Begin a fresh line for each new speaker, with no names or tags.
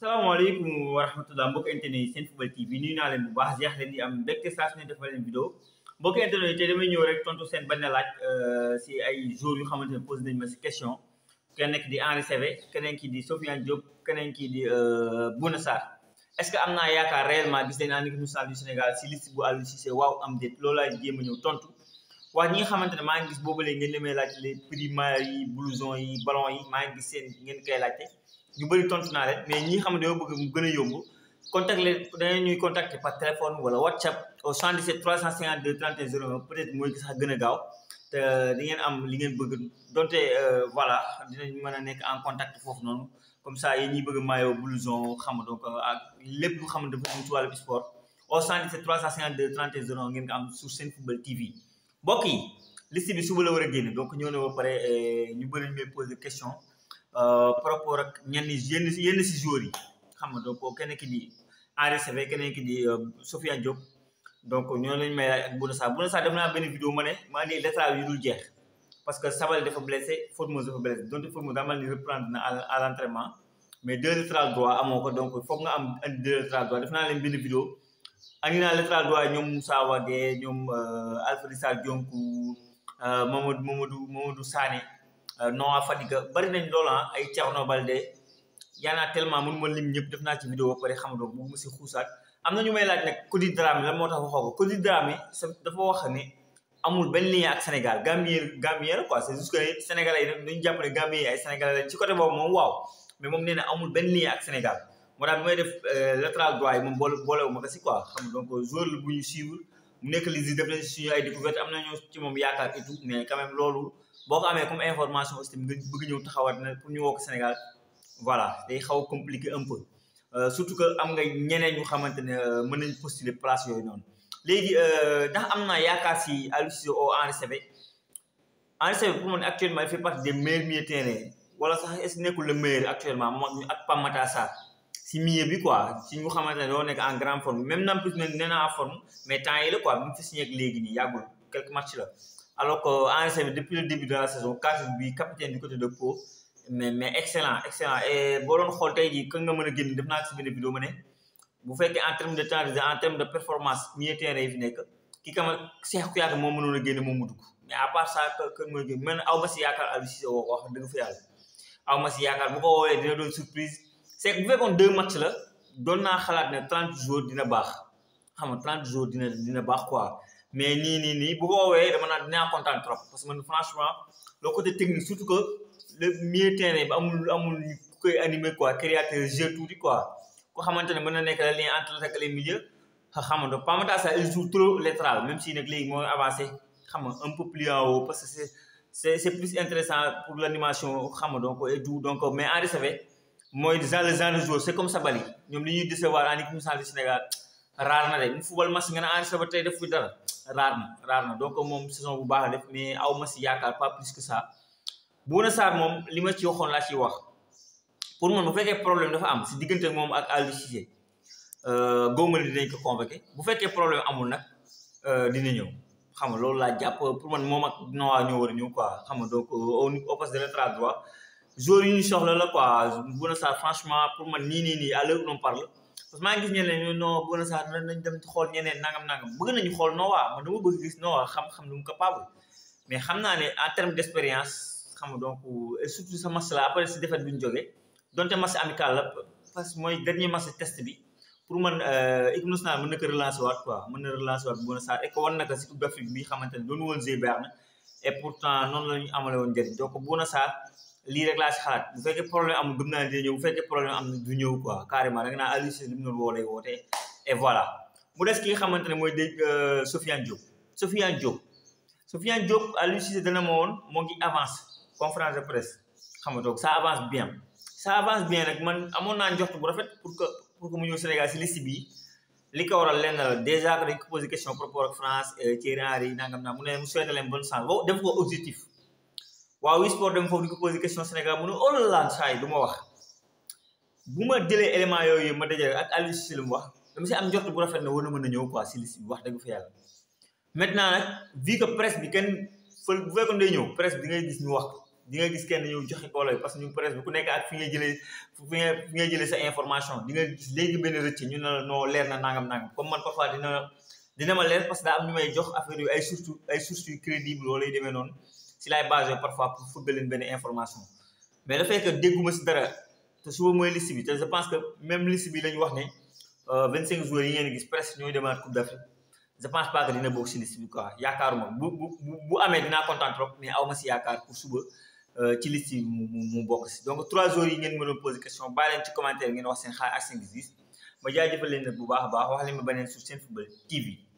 salaamaaleykum wa rahmatullah mbokk internet yi seen football TV ñu naa leen bu baax jeex leen di am mbégte saa su ne defal leen vidéo mbokk internet yi te damay ñëw rek tontu seen benn laaj euh, si ay jours yu xamante ne posé nañ ma si question keneen ki di Henri Saivet keneen ki di Sofiane Diop keneen ki di euh, Bouna Sarr est-ce que am naa yaakaar réellement gis nañ en équipe nationale du Sénégal si laa jéem a ñëw tontu wax ñi nga xamante ne maa ngi gis boobu léegi ngeen demee laaj les primaires yi blouson yi ballon yi maa ngi gis seen ngeen koy laajte ñu bari tontu naa leen mais ñi xam ne dañoo bëgg mu gën a yomb contact leen dañu ñuy contacter par téléphone wala whatsapp au 77 352 31 01 peut être mooy sax gën a gaaw te di ngeen am li ngeen bëgg donte euh, voilà dinañ mën a nekk en contact foofu noonu comme ça yéen ñi bëgg maillot blouson xam donc ak lépp lu xam dafa ci wàllu sport au 77 352 31 01 ngeen ko am sur seen football TV mbokk yi liste bi suba la war a génn donc ñëw na ba pare euh, ñu bëri ñu may poser question. Euh, par rapport ak ñenn yenn yenn si joueurs yi xam nga donc kenn ki di Henri Saivet keneen ki di euh, Sofia Diop donc ñoo lañ may laaj ak Bouna Sarr Bouna Sarr def naa benn vidéo ma ne maa nii latéral jeex parce que Sabaly dafa blessé Formose dafa blessé donc Formose daa ni reprendre na à l' mais deux latéral droit amoo ko donc foog nga am indi deux latéral def naa leen benn vidéo andi naa latéral ñoom Moussa Wagué ñoom euh, Alfred Sarr Dionkou Mamadou Mamadou Mamadou Sané Euh, non fa Fadiga bari nañ loolu ah, ay Thierno Balde yaa naa tellement mënu ma lim ñëpp def naa ci vidéo ba pare xam nga bu mu si xuusaat ñu may laaj nag Kody Dramé lan moo tax waxoo ko Kody Dramé dafa wax ne amul ben lien ak Sénégal Gambien Gambien la quoi c'est juste que yi dañu jàpp ne Gambien ay Sénégalais ci côté moom waaw mais moom nee na amul benn lien ak Sénégal moo tax may def euh, latéral droit yi moom boole boolewu ma ko si quoi xam donc joueur la bu ñu suivre mu nekk lisi def nañ suñu ay découverte am nañu ci moom yaakaar et tout mais quand loolu boo ko amee comme information aussi bëgg pour Sénégal voilà day xaw compliqué un peu euh, surtout que am nga ñeneen ñu xamante ne euh, place yooyu noonu léegi euh, ndax pour fait partie des meilleurs milieux terrain wala ce le meilleur actuellement si quoi si en grande forme même forme mais quelques matchs alors qu'en depuis le début de la saison, 4 buts, capitaine du côté de Pau. Mais, mais excellent, excellent. Et Bolon Holtei, quand on a gagné, il a fait une vidéo. Vous faites en termes de temps, en termes de performance, mieux terrain, comme ki kama Cheikh moment où nous gagnons mon Mamadou mais à part ça que mën a génne man aw si yaakaar Aliou Cissé woo ko wax dëgg fa yàlla aw si yaakaar bu ko woowee dina doon surprise c'est que que bu fekkoon deux matchs là doon naa xalaat de 30 jours dina barre xam 30 jours dina dina baax quoi mais ni ni ni bu ko woowee dama naan dinaa kontaan trop parce que man franchement le côté technique surtout que le milieu terrain bi amul amul ku koy animé quoi créateur jeu tuuti quoi ko xamante ne mën na nekk la lien entre les les milieu xam nga pas mal ça il joue trop latéral même si nag léegi mooy avancé xam nga un peu plus en haut parce que c'est c'est c'est plus intéressant pour l'animation xam nga donc et donc mais en receveur mooy genre le genre de joueur c'est comme Sabaly ñoom li ñuy décevoir en équipe nationale du Sénégal rare na de mu football match nga ne en receveur tey def fi dara Rarement, na donc saison bu mais ma si pas plus que ça Bouna Sarr moom ma ci pour moi, problème dafa am si ak euh, ko bu problème amul nag euh, dina ñëw xam nga loolu pour man ak quoi donc de droit Jour quoi franchement pour moi, nii nii nii à parle. parce que maa gis ñeneen ñu non xool ñeneen nangam nangam bëgg xool Noah man dama bëgg gis Noah xam-xam lu mu capable mais xam naa ne en terme d' expérience nga donc surtout sa match la après ñu jógee donte match amical parce que mooy dernier match test bi pour man euh, équipe nationale mën na ko relancer waat quoi mën na relancer waat Bouna Sarr xamante ne doonu woon Zé Berna noonu la ñu amale woon njëriñ donc Bouna lii rek laa si xalaat bu fekkee problème am gëm naa dina ñëw bu fekkee problème am du ñëw quoi carrément da nga naan Aliou Cissé li mu doon woo lay woote et voilà mu des ki nga xamante ne mooy dégg euh, Sofiane Diop Sofiane Diop Sofiane Diop Aliou Cissé dana ma woon moo ngi avance conférence de presse xam nga donc ça avance bien ça avance bien rek man amoon naa njort bu rafet pour que pour mu ñëw Sénégal si liste bi li ko waral lenn la dèjà dañ ko posé question par rapport France euh, Thierry Henry nangam naa mu ne mu souhaité leen bonne chance boobu def ko objectif waaw Wii Sport dem foofu di ko Sénégal mu ne Hollande oh saa yi du ma wax bu ma jëlee élément yooyu ma dajale ak Aliou Cissé lu mu wax dama si bu rafet na war na mën a ñëw quoi si wax dëgg fa yàlla. maintenant nag vu que presse bi kenn ñëw presse bi gis ñu wax di nga gis kenn ñëw joxe kooloo parce que ñu presse bi ku nekk fi ngay jëlee fi ngay jëlee sa information di nga gis léegi benn rëcc ñu ne la noo leer na nangam nangam comme man parfois dina dina ma leer parce que daa am may jox affaire yu ay sources ay sources yu crédible loolu lay demee noonu si laay basé parfois pour football une benn information mais le fait que dégouma ci dara te suba moy liste bi te je pense que même liste bi lañ wax né euh 25 joueurs yi ngeen gis presque ñoy demaat coupe d'Afrique je pense pas que dina bokk ci liste bi quoi yaakaaruma bu bu bu amee dinaa kontaan trop mais aw ci si yaakaar pour suba euh, ci liste bi mu mu mu bokk si donc 3 joueurs yi ngeen mën poser question ba leen ci commentaire ngeen wax seen xaar ak seen gis ma jaajëfal leen nag bu baax baax wax leen ma beneen sur football TV.